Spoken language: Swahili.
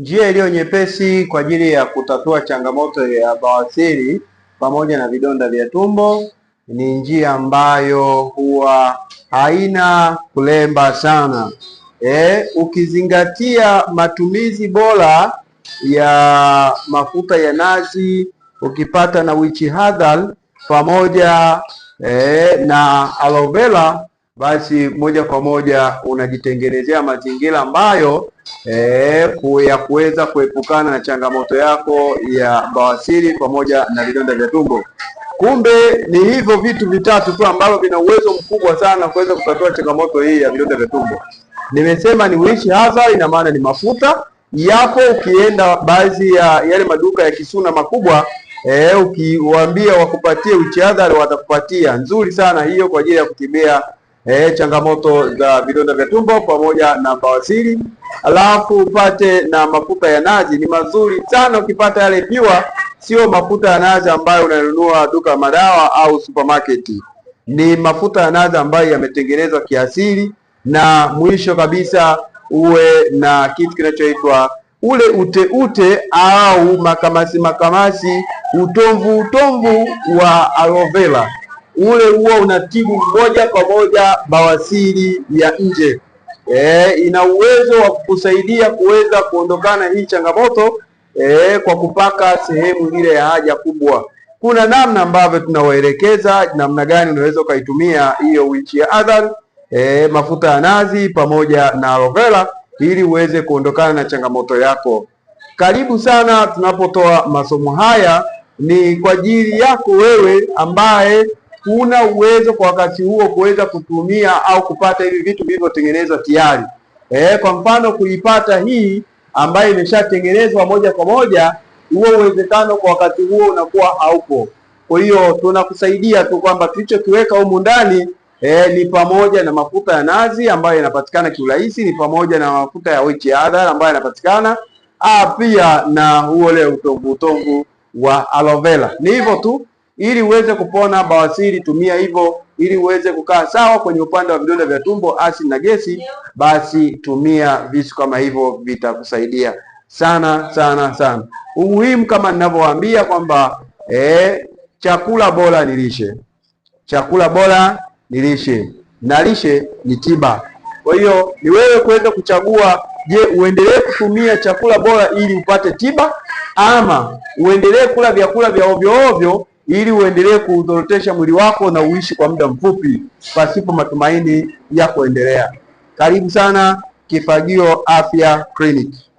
njia iliyo nyepesi kwa ajili ya kutatua changamoto ya bawasiri pamoja na vidonda vya tumbo ni njia ambayo huwa haina kulemba sana e, ukizingatia matumizi bora ya mafuta ya nazi ukipata na witch hazel pamoja e, na aloe vera basi moja kwa moja unajitengenezea mazingira ambayo eh, ya kuweza kuepukana na changamoto yako ya bawasiri pamoja na vidonda vya tumbo. Kumbe ni hivyo vitu vitatu tu ambavyo vina uwezo mkubwa sana kuweza kutatua changamoto hii ya vidonda vya tumbo. Nimesema ni Wilish Hazard, ina maana ni mafuta yapo. Ukienda baadhi ya yale maduka ya kisuna makubwa Eh, ukiwaambia wakupatie Wilish Hazard watakupatia nzuri sana hiyo kwa ajili ya kutibia e, changamoto za vidonda vya tumbo pamoja na bawasiri, alafu upate na mafuta ya nazi. Ni mazuri sana ukipata yale piwa, sio mafuta ya nazi ambayo unanunua duka madawa au supermarket. Ni mafuta ya nazi ambayo yametengenezwa kiasili, na mwisho kabisa uwe na kitu kinachoitwa ule uteute au makamasi makamasi, utomvu utomvu wa aloe vera ule huwa unatibu moja kwa moja bawasiri ya nje. E, ina uwezo wa kukusaidia kuweza kuondokana hii changamoto e, kwa kupaka sehemu ile ya haja kubwa. Kuna namna ambavyo tunawaelekeza namna gani unaweza ukaitumia hiyo wichi ya Adhan e, mafuta ya nazi pamoja na aloe vera ili uweze kuondokana na changamoto yako. Karibu sana tunapotoa masomo haya ni kwa ajili yako wewe ambaye huna uwezo kwa wakati huo kuweza kutumia au kupata hivi vitu vilivyotengenezwa tayari. Eh, kwa mfano kuipata hii ambayo imeshatengenezwa moja kwa moja, huo uwezekano kwa wakati huo unakuwa haupo. Kwa hiyo tunakusaidia tu kwamba tulichokiweka humu ndani eh, ni pamoja na mafuta ya nazi ambayo yanapatikana kiurahisi, ni pamoja na mafuta ya wiki adha ambayo yanapatikana ah, pia na huo leo utongu utongu wa aloe vera. Ni hivyo tu. Ili uweze kupona bawasiri, tumia hivyo. Ili uweze kukaa sawa kwenye upande wa vidonda vya tumbo, asi na gesi, basi tumia visu kama hivyo, vitakusaidia sana sana sana. Umuhimu kama ninavyowaambia kwamba eh, chakula bora ni lishe, chakula bora ni lishe na lishe ni tiba. Kwa hiyo ni wewe kuweza kuchagua, je, uendelee kutumia chakula bora ili upate tiba ama uendelee kula vyakula vya ovyo ovyo ili uendelee kuudhorotesha mwili wako na uishi kwa muda mfupi pasipo matumaini ya kuendelea. Karibu sana Kifagio Afya Clinic.